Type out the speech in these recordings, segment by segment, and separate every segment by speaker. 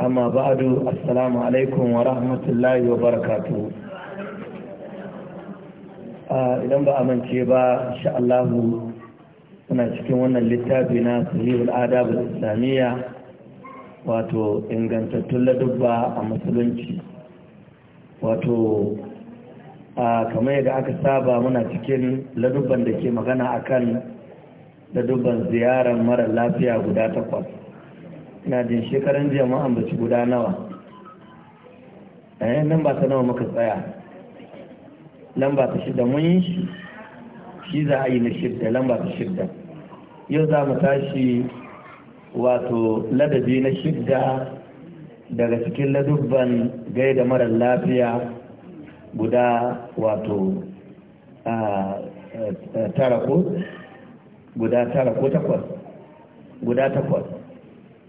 Speaker 1: amma ba'adu assalamu alaikum wa rahmatullahi wa barakatu idan ba amince ba insha Allah muna cikin wannan littafi na sahihul adab islamiyya wato ingantattun ladubba a musulunci wato kamar yadda aka saba muna cikin ladubban da ke magana akan ladubban ziyarar mara lafiya guda takwas na jin shekaran jiya ba su guda nawa eh nan ba ta nawa muka tsaya lamba ta shida mun yi shi shi za a yi na shidda lamba ta shidda yau za mu tashi wato ladabi na shidda daga cikin ladubban gai da marar lafiya guda wato tara ko guda tara ko takwas guda takwas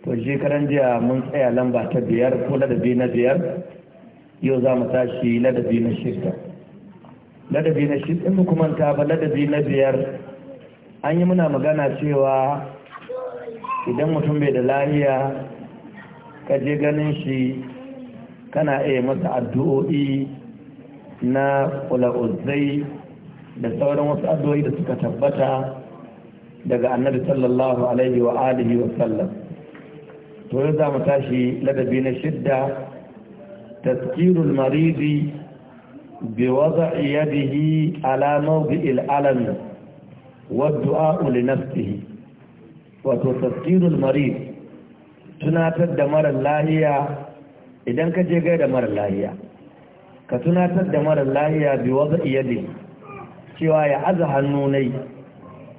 Speaker 1: to shekaran jiya mun tsaya lamba ta biyar ko ladabi na biyar yau za mu tashi ladabi na shida ladabi na shida mu kuma ta ba ladabi na biyar an yi muna magana cewa idan mutum bai da lahiya ka je ganin shi kana iya masa addu'o'i na kula'uzzai da sauran wasu addu'o'i da suka tabbata daga annabi sallallahu alaihi wa alihi wa sallam to yanzu za mu tashi ladabi na shidda tazkirul maridi bi wada'i yadihi ala mawdi'il alam wa du'a li nafsihi wato tazkirul marid tunatar da mara lahiya idan ka je gaida mara lahiya ka tunatar da mara lahiya bi wada'i yadihi cewa ya aza hannu nai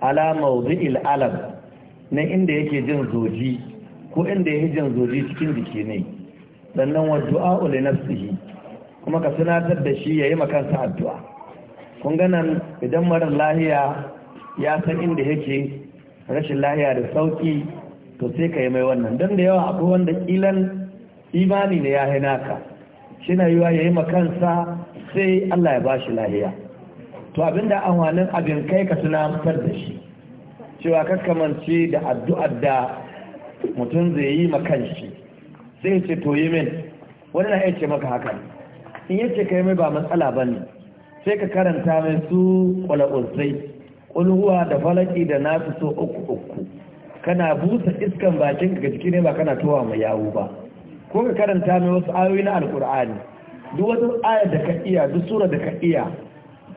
Speaker 1: ala mawdi'il alam na inda yake jin zoji ko inda ya hijin zoji cikin jiki ne sannan wa du'a na nafsihi kuma ka sunatar da shi yayi makansa addu'a kun ganan idan marar lahiya ya san inda yake rashin lahiya da sauki to sai ka yi mai wannan don da yawa akwai wanda ilan imani ne ya haina ka shi yiwa ya yi makansa sai Allah ya bashi lahiya to abinda wani abin kai ka tunatar da shi cewa kaskamanci da addu'ar da mutum zai yi ma shi. sai ya ce to yi min wani na iya ce maka haka in yace kai mai ba matsala ba ne sai ka karanta mai su kwala'uzzai kulhuwa da falaki da nasu so uku uku kana busa iskan bakin ka jiki ne ba kana towa mai yawo ba ko ka karanta mai wasu ayoyi na alkur'ani duk wata ayar da ka iya duk sura da ka iya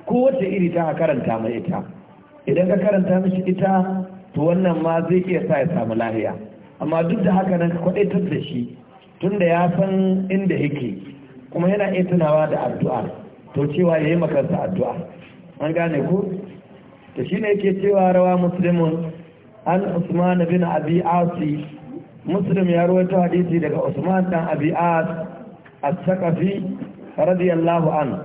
Speaker 1: ko wace iri ta ka karanta mai ita idan ka karanta mishi ita to wannan ma zai iya sa ya samu lahiya amma duk da haka nan ka kwadaitar da shi tunda ya san inda yake kuma yana iya tunawa da addu'a to cewa ya yi makarsa addu'a an gane ku to shine yake cewa rawa Musulmin an usman bin abi asi muslim ya rawaito hadisi daga usman dan abi as as-saqafi radiyallahu anhu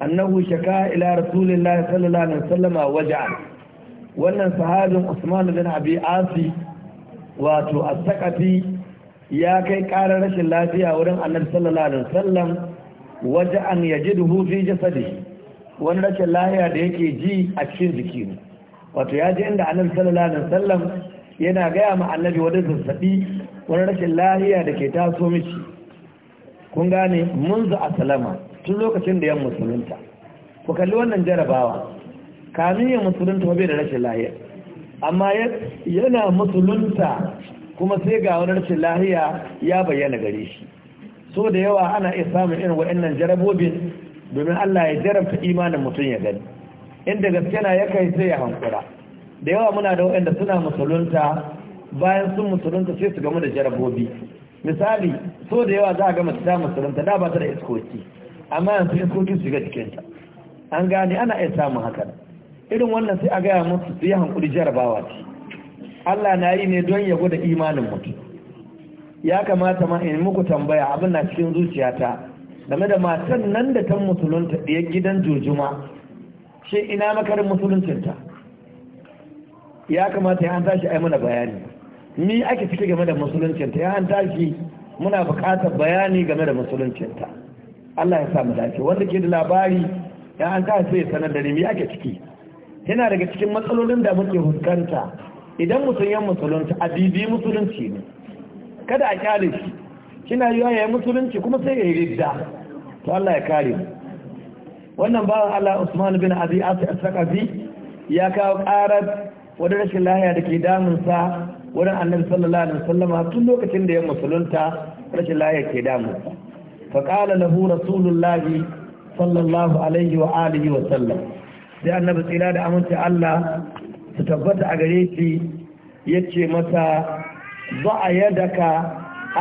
Speaker 1: annahu shaka ila rasulillahi sallallahu alaihi wasallam waja'a wannan sahabin usman bin abi asi wato a sakafi ya kai karar rashin lafiya wurin annabi sallallahu alaihi wasallam waje an yajiduhu fi jasadihi wani rashin lafiya da yake ji a cikin jiki wato ya ji inda annabi sallallahu alaihi wasallam yana gaya ma annabi wani zazzabi wani rashin lafiya da ke taso mishi kun gane munzu a salama tun lokacin da yan musulunta ku kalli wannan jarabawa kamin ya musulunta ba bai da rashin lafiya amma yana musulunta kuma sai ga wani rashin lahiya ya bayyana gare shi so da yawa ana iya samun irin waɗannan jarabobin domin Allah ya jarabta imanin mutum ya gani inda gaske na ya kai sai ya hankura da yawa muna da waɗanda suna musulunta bayan sun musulunta sai su gamu da jarabobi misali so da yawa za a gama ta musulunta da ba ta da iskoki amma yanzu iskoki su ga cikinta an gane ana iya samun hakan irin wannan sai a gaya musu su yi hankuli jarabawa ce Allah na yi ne don ya gwada imanin mutum ya kamata ma in muku tambaya abin na cikin zuciyata game da matan nan da ta musulunta ɗaya gidan jujuma, shi ina makarin musuluncinta ya kamata ya an tashi ai mana bayani ni ake ciki game da musuluncinta ya an tashi muna buƙatar bayani game da musuluncinta Allah ya sa mu dace wanda ke da labari ya an tashi sai ya sanar da ni ake ciki yana daga cikin matsalolin da muke fuskanta idan mutum yan musulunci a bibi musulunci ne kada a kyale shi kina yiwa ya yi musulunci kuma sai ya yi ridda to Allah ya kare mu wannan bawan Allah Usman bin Abi as-Saqafi ya kawo karar wadda rashin lahiya da ke damunsa wurin annabi sallallahu alaihi wasallama tun lokacin da ya musulunta rashin lahiya ke damunsa fa qala lahu rasulullahi sallallahu alaihi wa alihi wa sallam sai annabi tsira da aminta Allah su tabbata a gare shi ya ce masa ba a ka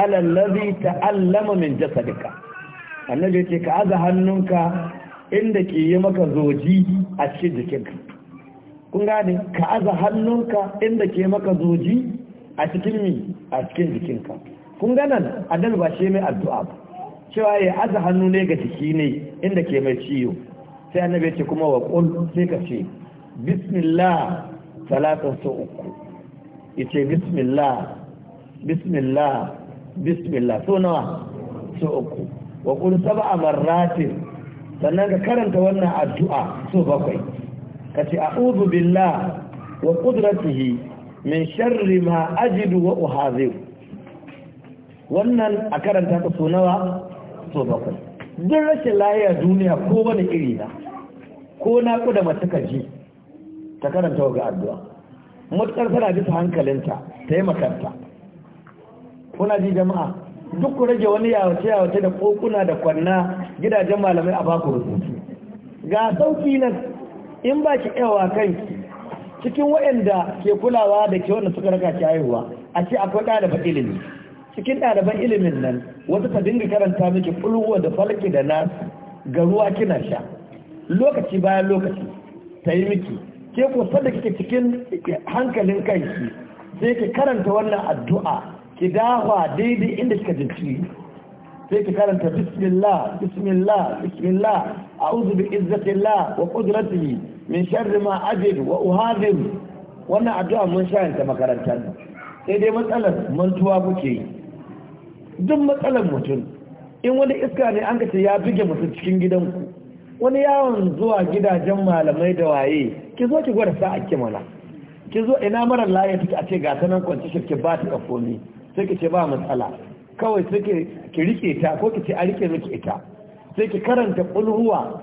Speaker 1: alallazi ta'allama min jasadika annabi ya ce ka aza hannunka inda ke yi maka zoji a cikin jikinka kun gane ka aza hannunka inda ke maka zoji a cikin mi a cikin jikinka kun ganan annabi ba shi mai addu'a ba cewa ya aza hannu ne ga jiki ne inda ke mai ciwo sai annabi ya ce kuma wa qul sai ka ce bismillah salatan su uku yace bismillah bismillah bismillah so nawa so uku wa qul sab'a marratin sannan ka karanta wannan addu'a so bakwai ka ce a'udhu billah wa qudratihi min sharri ma ajidu wa uhadhiru wannan a karanta ka so nawa so bakwai duk rashin lahiya duniya ko wani iri na ko na kuda mace ta karanta wa ga addu'a matukar tana bisa hankalinta ta yi makanta kuna ji jama'a duk ku rage wani yawace yawace da kokuna da kwanna gidajen malamai a baku rubutu ga sauki nan in ba ki yawa kanki cikin waɗanda ke kulawa da ke wanda suka raka ki haihuwa a ce akwai ɗaliban ilimi cikin ɗaliban ilimin nan wata ta dinga karanta miki kulwa da falki da nasu ga ruwa kina sha lokaci bayan lokaci ta yi miki ke ko sadda kike cikin hankalin kanki sai ki karanta wannan addu'a ki dafa daidai inda kika jinci sai ki karanta bismillah bismillah bismillah a'udhu bi izzatillah wa qudratihi min sharri ma ajid wa uhadir wannan addu'a mun shayanta makarantar sai dai matsalar mantuwa kuke yi duk matsalar mutum in wani iska ne an ka ce ya buge mutum cikin gidanku wani yawon zuwa gidajen malamai da waye ki zo ki gwada sa'a ki mana ki zo ina mara laye take a ce ga ta nan kwanci shirki ba ta kafomi sai ki ce ba matsala kawai sai ki rike ta ko ki ce a rike miki ita sai ki karanta kulhuwa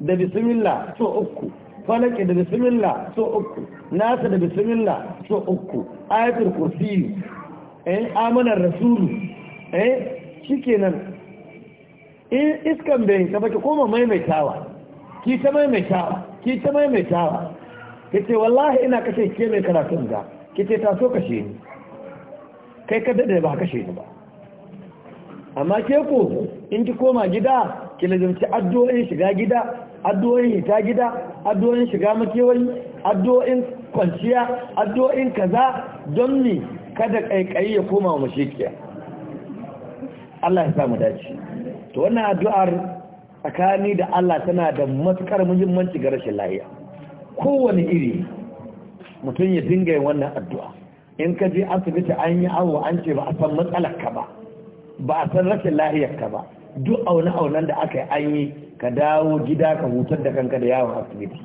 Speaker 1: da bismillah so uku falaki da bismillah so uku nasa da bismillah so uku ayatul kursi eh amanar rasulu eh shikenan in iskan bai isa ba ki koma maimaitawa ki ta maimaitawa ki ta maimaitawa ki ce wallahi ina kashe ke mai karatun ga ki ce ta so kashe ni kai ka daɗe ba kashe ni ba amma ke ku in ki koma gida ki lazimci addu'o'in shiga gida addu'o'in hita gida addu'o'in shiga makewayi addu'o'in kwanciya addu'o'in kaza don ni kada kai ya koma mu shekiya Allah ya samu dace to wannan addu'ar tsakani da Allah tana da matukar muhimmanci ga rashin lahiya kowane iri mutum ya dinga yin wannan addu'a in ka je asibiti an yi awo an ce ba a san matsalar ba ba a san rashin lahiyarka ba duk aune aunen da aka yi an yi ka dawo gida ka hutar da kanka da yawon asibiti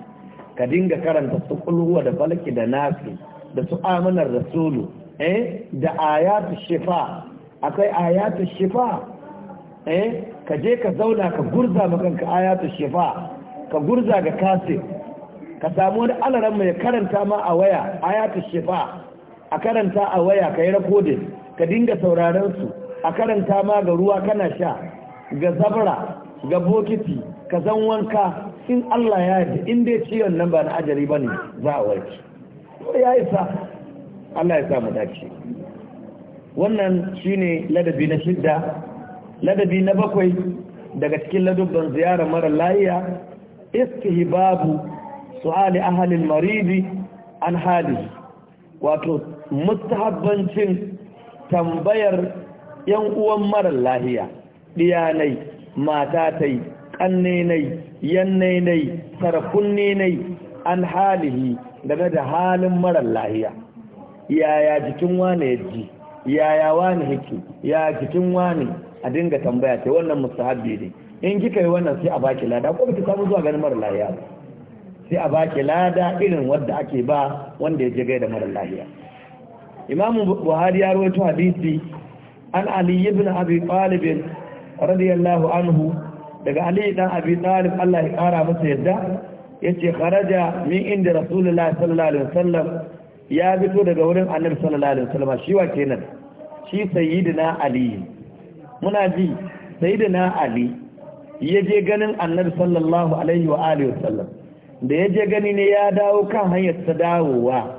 Speaker 1: ka dinga karanta su kulhuwa da falaki da Nafi da su amanar rasulu eh da ayatu shifa akwai ayatu shifa eh ka je ka zauna ka gurza ma kanka ayatu shifa ka gurza ga kasin ka samu wani alaran mai karanta ma a waya ayatu shifa a karanta a waya ka yi rakodin ka dinga sauraron su a karanta ma ga ruwa kana sha ga zabara ga bokiti ka zan wanka in Allah ya yi in dai ciwon nan ba na ajali ba ne za a warke to ya isa Allah ya sa mu dace wannan shine ladabi na shidda ladabi na bakwai daga cikin ladubban ziyarar mara layiya istihbabu su'ali ahalin maridi an hali wato mustahabbancin tambayar yan uwan mara lahiya ɗiyanai matatai ƙannenai yannenai sarakunnenai an halihi game da halin mara lahiya yaya jikin wane yaji yaya wane hake yaya jikin wane a dinga tambaya ce wannan mustahabbi ne in kika yi wannan sai a baki lada ko ki samu zuwa ganin mara lahiya sai a baki lada irin wanda ake ba wanda ya je gaida mara lahiya imam buhari ya rawaito hadisi an ali ibn abi talib radiyallahu anhu daga ali dan abi talib Allah ya kara masa yadda yace kharaja min inda rasulullahi sallallahu alaihi wasallam ya fito daga wurin annabi sallallahu alaihi wasallam shi wa kenan shi sayyidina ali muna ji sai da na ali ya je ganin annabi sallallahu alaihi wa alihi sallam da ya je gani ne ya dawo kan hanyar ta dawowa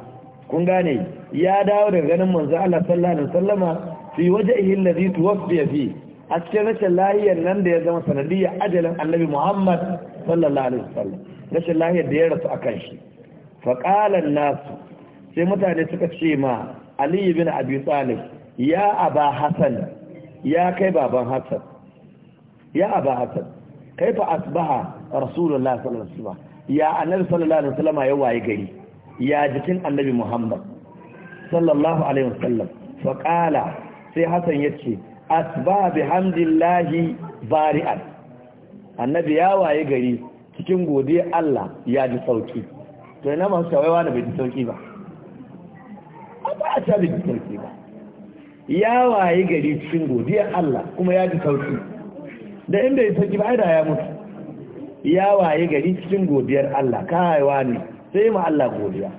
Speaker 1: kun gane ya dawo daga ganin manzo Allah sallallahu alaihi wa sallama fi wajhihi alladhi tuwaffi fi a cikin rashin lahiyar nan da ya zama sanadiyya ajalin annabi Muhammad sallallahu alaihi wa sallam, rashin lahiyar da ya rasu akan shi fa qala nasu sai mutane suka ce ma Ali ibn Abi Talib ya Aba Hassan ya kai baban Hassan ya aba Hassan kaifa asbaha rasulullahi sallallahu alaihi wasallam ya annabi sallallahu alaihi wasallam ya waye gari ya jikin annabi Muhammad sallallahu alaihi wasallam fa qala sai Hassan yace asbaha bihamdillahi bari'an annabi ya waye gari cikin godiyar Allah ya ji sauki to ina masu shawaiwa da bai ji sauki ba ba a ta bai ji sauki ya waye gari cikin godiyar Allah kuma ya ji sauki da inda ya sauki ba da ya mutu ya waye gari cikin godiyar Allah ka haiwa ne sai ma Allah godiya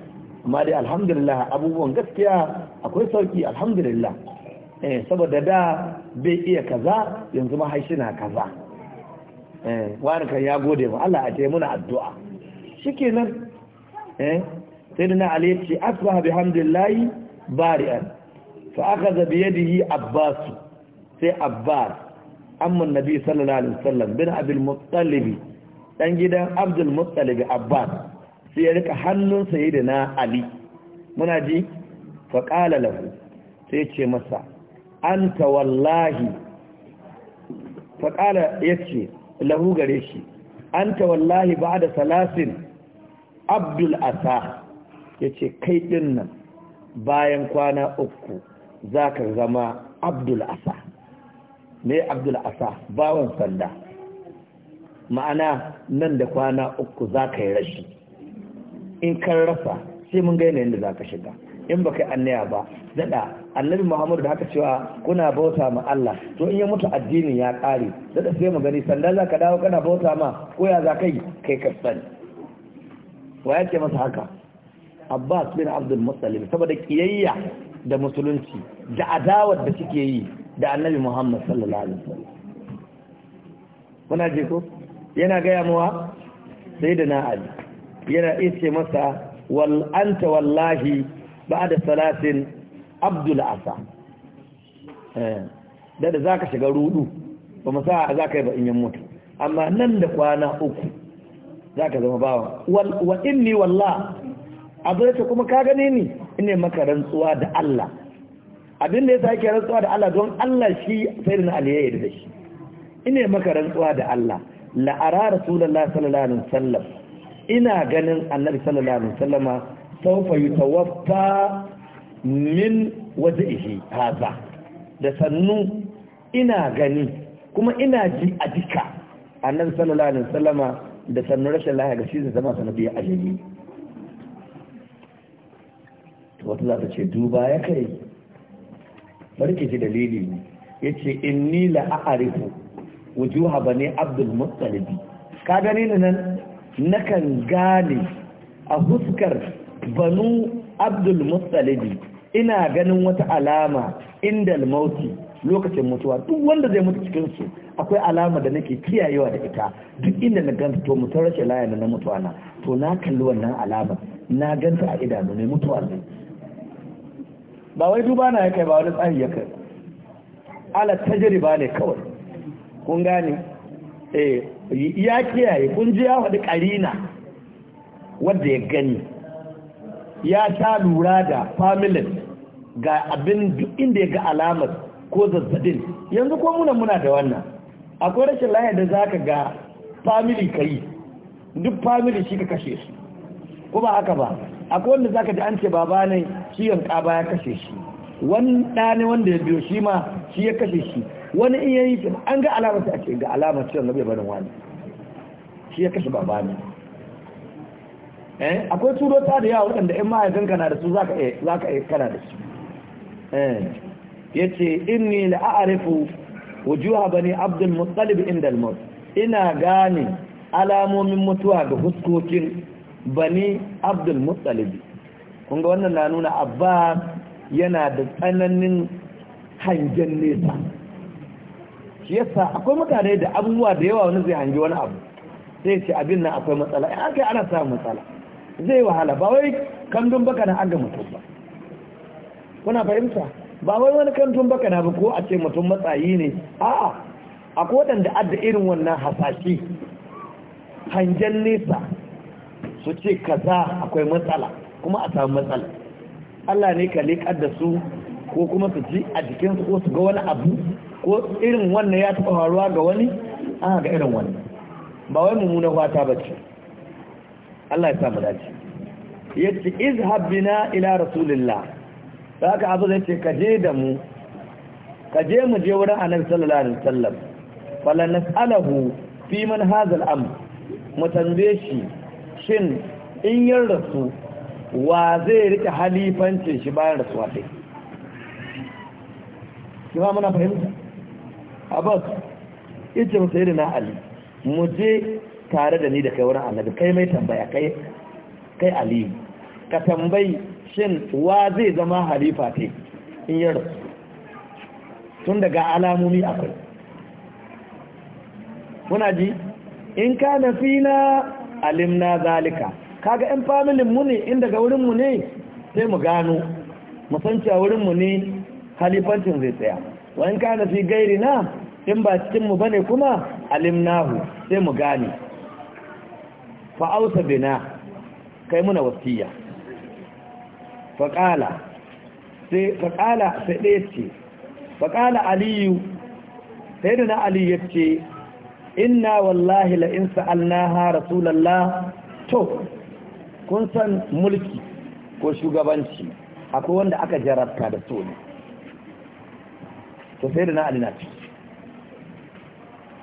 Speaker 1: amma dai alhamdulillah abubuwan gaskiya akwai sauki alhamdulillah eh saboda da bai iya kaza yanzu ma na kaza eh wani kan ya gode ma Allah a ce muna addu'a shikenan eh sayyidina ali ya ce asbaha bihamdillahi bari'an Fa aka zabi yadda yi abbasu sai abbas amman nabi sallallahu alaihi wasallam bin abin mutsalibi ɗan gidan abdul mutsalibi abbas sai ya rika hannun sayi da na ali muna ji faƙala lafi sai ce masa an ta wallahi faƙala ya ce lahu gare shi an ta wallahi ba da salasin abdul asa ya ce kai ɗin nan bayan kwana uku za ka zama abdul asa ne abdul asa bawan sanda ma'ana nan da kwana uku za ka yi rashi in kan rasa sai mun gaina yadda za ka shiga in ba kai annaya ba daɗa annabi muhammadu da haka cewa kuna bauta ma Allah to in ya mutu addini ya ƙare daɗa sai mu gani sanda za ka dawo kana bauta ma ko ya za ka yi kai kasan wa yake masa haka abbas bin abdul musallim saboda kiyayya da musulunci da adawar da suke yi da annabi Muhammad sallallahu alaihi wasallam kuna ji ko yana gaya yamuwa sai da na Ali yana ice masa wal anta wallahi ba'da salatin abdul asa eh da zaka shiga rudu ba mu sa zaka yi ba in yin mutu amma nan da kwana uku zaka zama bawa wal wa inni wallah azaita kuma ka gane ni ne maka rantsuwa da Allah abin da ya sake rantsuwa da Allah don Allah shi sai da Ali ya yarda da shi ina maka rantsuwa da Allah la ara rasulullahi sallallahu alaihi wasallam ina ganin annabi sallallahu alaihi wasallama sawfa yutawaffa min wajhihi hadha da sannu ina gani kuma ina ji a dika annabi sallallahu alaihi wasallama da sannu rashin lafiya ga shi zama a ajiyar wata za ta ce duba ya kai barki ji dalili ne yace ni la a'rifu wujuha ne abdul mutsalibi ka gani na nan na kan gane a fuskar banu abdul mutsalibi ina ganin wata alama inda mauti lokacin mutuwa duk wanda zai mutu cikinsu akwai alama da nake kiyayewa da ita duk inda na ganta to mutar rashin da na mutuwa na to na kalli wannan alama na ganta a idanu mai mutuwa ne ba wai duba na ya kai ba wani tsari ya ala tajriba ne kawai kun gane eh ya kiyaye kun ji ya faɗi karina wanda ya gani ya ta lura da familin ga abin duk inda ya ga alamar ko zazzabin yanzu ko muna muna da wannan akwai rashin lafiya da zaka ga family kai duk family shi ka kashe su ko ba haka ba akwai wanda zaka ji an ce baba ne shi yanka ba ya kashe shi wani ɗani wanda ya biyo shi ma shi ya kashe shi wani iya yi an ga alama a ce ga alama alamar cewa bai barin wani shi ya kashe baba ne eh akwai ta da yawa waɗanda in mahaifinka na da su zaka iya zaka iya kana da su eh yace inni a'rifu wujuha bani abdul muttalib inda al-maut ina gane alamomin mutuwa ga huskokin bani abdul Mutsalibi, kun ga wannan na nuna abba yana da tsananin hangen nesa shi yasa akwai mutane da abubuwa da yawa wani zai hangi wani abu sai ce abin nan akwai matsala in aka ana samun matsala zai wahala ba wai kandun baka na aga mutum ba kuna fahimta ba wai wani kandun baka na ba ko a ce mutum matsayi ne a'a akwai waɗanda adda irin wannan hasashi. hangen nesa su ce kaza akwai matsala kuma a samu matsala Allah ne ka leƙar da su ko kuma su ji a jikinsu ko su ga wani abu ko irin wannan ya taɓa faruwa ga wani an ga irin wani ba wai mummunan wata ba ce Allah ya samu dace ya ce Habbi na ila rasulillah da haka abu zai ce ka je da mu ka je mu je wurin annabi sallallahu alaihi wasallam fala nas'alahu fi man hadha al-amr mu tambaye shi shin in yin rasu wa zai rika halifancin shi bayan rasuwa ɗai kima muna fahimta abbas ita musayi na ali mu je tare da ni da kai wurin annabi kai mai tambaya kai kai ali ka tambayi shin wa zai zama halifa te in yi rasu tun daga alamomi akwai muna ji in ka na na alimna zalika kaga yan familin mu ne inda ga wurin mu ne sai mu gano mu san cewa wurin mu ne halifancin zai tsaya wa in kana fi gairi na in ba cikin mu bane kuma alimnahu sai mu gane fa ausa bina kai muna wasiya fa qala sai fa qala sai dai ce fa qala aliyu sayyidina ali yace inna wallahi la in sa'alnaha rasulullah to kun san mulki ko shugabanci akwai wanda aka jarabta da to ne to sai da na alina ci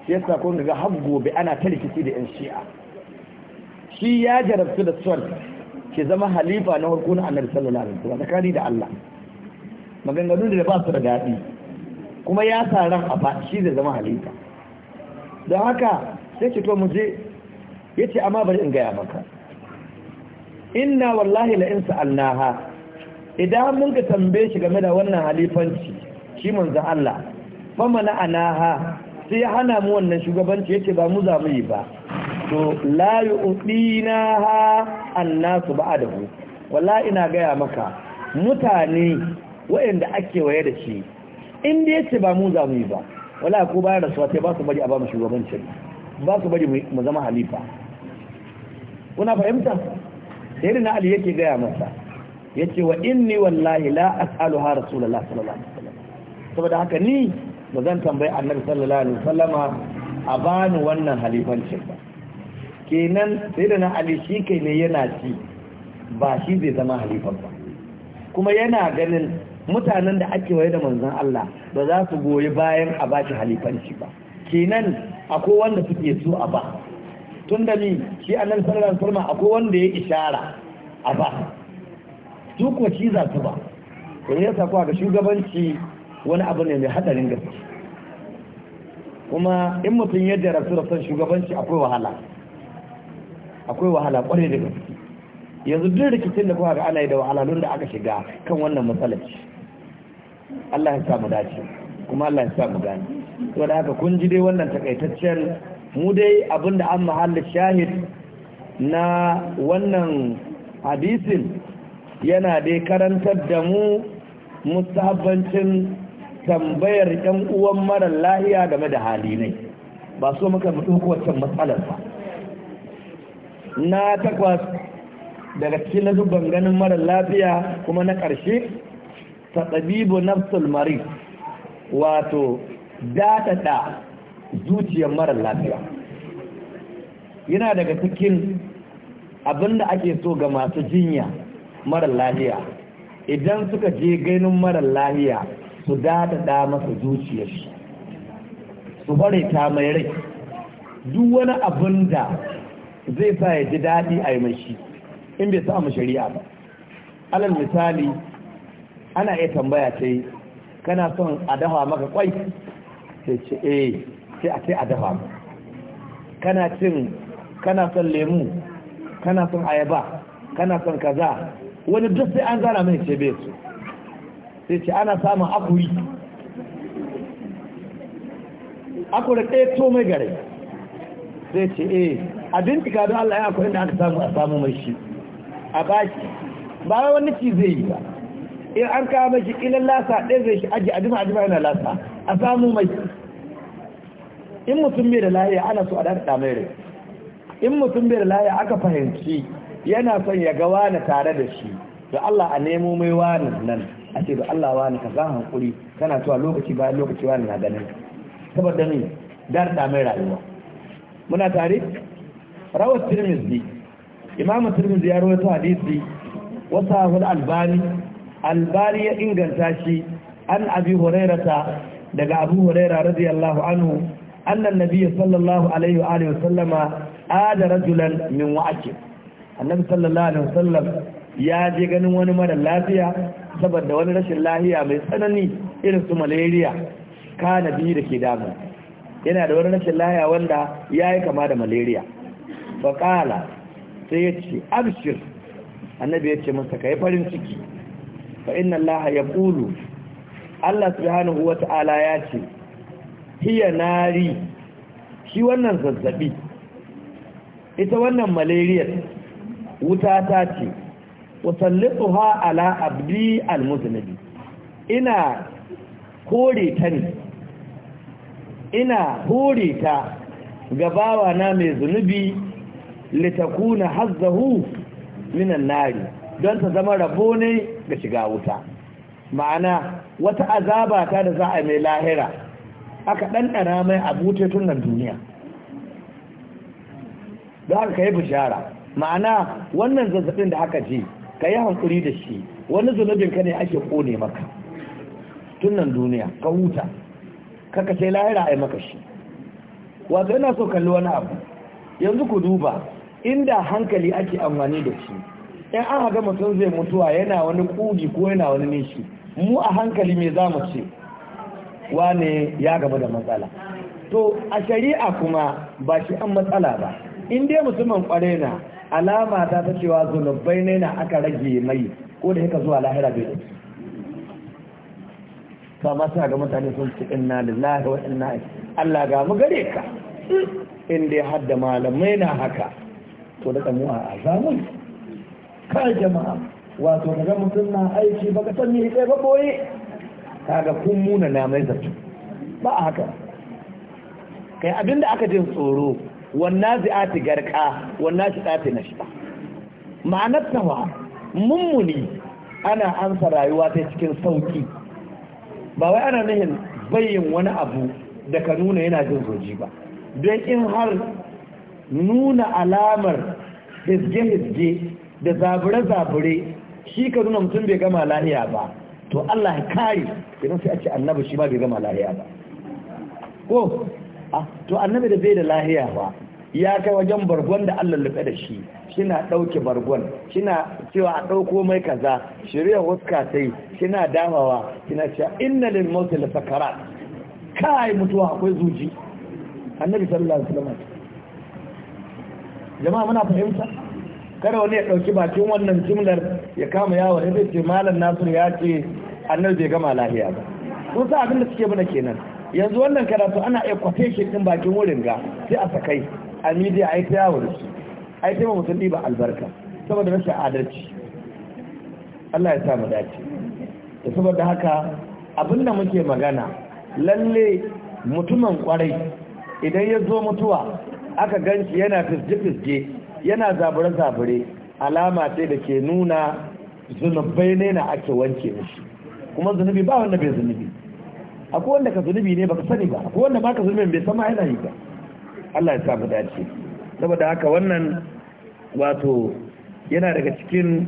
Speaker 1: shi yasa kun ga har gobe ana ta rikici da yan shi'a shi ya jarabtu da son ke zama halifa na harko na annabi sallallahu alaihi wasallam tsakani da Allah maganganun da ba su da daɗi kuma ya sa ran a shi zai zama halifa da haka sai ce to mu je yace amma bari in gaya maka inna wallahi la insa annaha idan mun ka tambaye shi game da wannan halifanci shi manzo Allah fa mana anaha sai ya hana mu wannan shugabanci yace ba mu za mu yi ba to la yu'dinaha annasu ba'dahu wallahi ina gaya maka mutane waɗanda ake waye da shi in da yace ba mu za mu yi ba wala ko bayan rasuwa sai ba su bari a ba mu shugabanci ba su bari mu zama halifa kuna fahimta sai na ali yake gaya masa yace wa inni wallahi la as'aluha rasulullah sallallahu alaihi wasallam saboda haka ni ba zan tambayi annabi sallallahu alaihi wasallama a bani wannan halifanci ba kenan sai da na ali shi kai ne yana ci ba shi zai zama halifa ba kuma yana ganin mutanen da ake waye da manzon Allah ba za su goyi bayan a ba shi halifanci ba kenan akwai wanda suke so a ba tun da ni shi annabi sallallahu alaihi wasallam akwai wanda ya ishara a ba su ko shi za su ba to ne yasa kuwa ga shugabanci wani abu ne mai hadarin gaske kuma in mutum ya rasu da son shugabanci akwai wahala akwai wahala kwarai da gaske yanzu duk rikicin da kuka ga ana yi da wahalalun da aka shiga kan wannan matsalar Allah ya samu dace kuma Allah ya samu gani to da haka kun ji dai wannan takaitaccen mu dai abinda an mahallin shahid na wannan hadisin yana dai karantar da mu mustahabbancin tambayar ɗan uwan mara lahiya game da halinai ba so muka mutu wancan matsalar ba na takwas daga cikin na ganin mara lafiya kuma na ƙarshe ta ɗabibu nafsul mari wato daɗaɗa zuciyar marar lafiya yana daga cikin abinda ake so ga masu jinya marar lafiya idan suka je gainin marar lafiya su daɗaɗa masa zuciyar shi su bare ta mai rai duk wani abin da zai sa ya ji daɗi a yi mashi in bai samu shari'a ba alal misali ana iya tambaya ce kana son a dafa maka kwai sai ce eh sai a ce a dafa kana cin kana son lemu kana son ayaba kana son kaza wani duk sai an zara mai ce bai su sai ce ana samun akuri akuri ɗaya to mai gare sai ce eh a bincika don Allah ya akwai inda aka samu a samu mai shi a baki ba wani ci zai yi ba in an kawo mashi ilin lasa ɗaya zai shi aji adima adima yana lasa a samu mai in mutum bai da lahiya ana so a ta mai rai in mutum bai da lahiya aka fahimci yana son ya ga wani tare da shi da Allah a nemo mai wani nan a ce da Allah wani ka za hankuri kana cewa lokaci bayan lokaci wani na ganin saboda da ta mai rayuwa muna tare rawar tirmizi imamu tirmizi ya rawaito hadisi wasu wal albani albani ya inganta shi an abi hurairata daga abu huraira radiyallahu anhu annan nabiyyu sallallahu alaihi wa alihi wasallama ada rajulan min wa'aki annabi sallallahu alaihi wasallam ya je ganin wani mara lafiya saboda wani rashin lafiya mai tsanani irin su malaria kana biyu da ke damu yana da wani rashin lafiya wanda ya yi kama da malaria faƙala sai ya ce abshir annabi ya ce masa ka yi farin ciki fa inna allaha yaqulu Allah subhanahu wata'ala ya ce hiya nari shi wannan zazzabi ita wannan malaria wuta ta ce wasallituha ala abdi almuznibi ina kore ta ne ina hore ta ga bawana mai zunubi litakuna hazzahu minan nari don ta zama rabo ne da shiga wuta ma'ana wata azaba ta da za a mai lahira aka ɗanɗana mai a bute tun nan duniya da aka kai bishara ma'ana wannan zazzabin da aka ji ka yi hankuri da shi wani zunubin ka ne ake ƙone maka tun nan duniya ka huta kaka sai lahira a yi maka shi wato yana so kalli wani abu yanzu ku duba inda hankali ake amfani da shi in an ga mutum zai mutuwa yana wani kuri ko yana wani nishi mu a hankali mai za mu ce wane ya gaba da matsala to a shari'a kuma ba shi an matsala ba in dai mutumin kware na alama ta ta cewa zunubai ne na aka rage mai ko da haka zuwa lahira bai da ba ma suna ga mutane sun ce inna lillahi wa inna Allah ga mu gare ka in dai har da malamai na haka to da mu a zamani kai jama'a wato ga mutum na aiki baka san me kai ba boye kaga kun muna na mai zato ba haka kai abinda aka jin tsoro wannan zi'ati garka wanna shi tsati na shi ma'anar tawa mummuni ana amsa rayuwa ta cikin sauki ba wai ana nihin bayyin wani abu da ka nuna yana jin zoji ba don in har nuna alamar hizge-hizge da zabure-zabure shi ka nuna mutum bai gama lahiya ba to Allah ya kare idan sai a ce annabi shi ma bai gama lahiya ba ko to annabi da bai da lahiya ba ya kai wajen bargon da Allah lufe da shi shina ɗauke bargon shina cewa a ɗauko mai kaza shirya huska sai shina damawa shina cewa inna lil mawt la sakarat kai mutuwa akwai zuji annabi sallallahu alaihi wasallam jama'a muna fahimta kada wani ya ɗauki bakin wannan jimlar ya kama yawo ya zai ce malam nasir ya ce annabi bai gama lahiya ba Sun sa abin da suke mana kenan yanzu wannan karatu ana iya kwafe shi ɗin bakin wurin ga sai a sakai a midiya a yi ta yawo da su a yi taimaka mutum ɗiba albarka saboda rashin adalci Allah ya sa mu dace da saboda haka abin da muke magana lalle mutumin kwarai idan ya zo mutuwa aka gan shi yana fisje-fisje yana zabure-zabure alama ce da ke nuna zunubai ne na ake wanke shi kuma zunubi ba wanda bai zunubi akwai wanda ka zunubi ne baka sani ba akwai wanda baka zunubi bai sama yana yi ba Allah ya samu dace saboda haka wannan wato yana daga cikin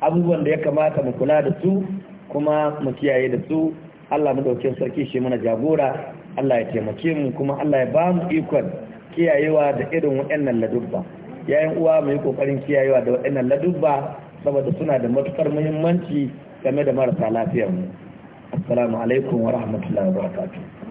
Speaker 1: abubuwan da ya kamata mu kula da su kuma mu kiyaye da su Allah mu dauke sarki shi mana jagora Allah ya taimake mu kuma Allah ya ba mu ikon kiyayewa da irin waɗannan ladubba yayin uwa mai kokarin kiyayewa da waɗannan ladubba saboda suna da matukar muhimmanci game da marasa lafiyar mu assalamu alaikum wa rahmatullahi wa barakatuh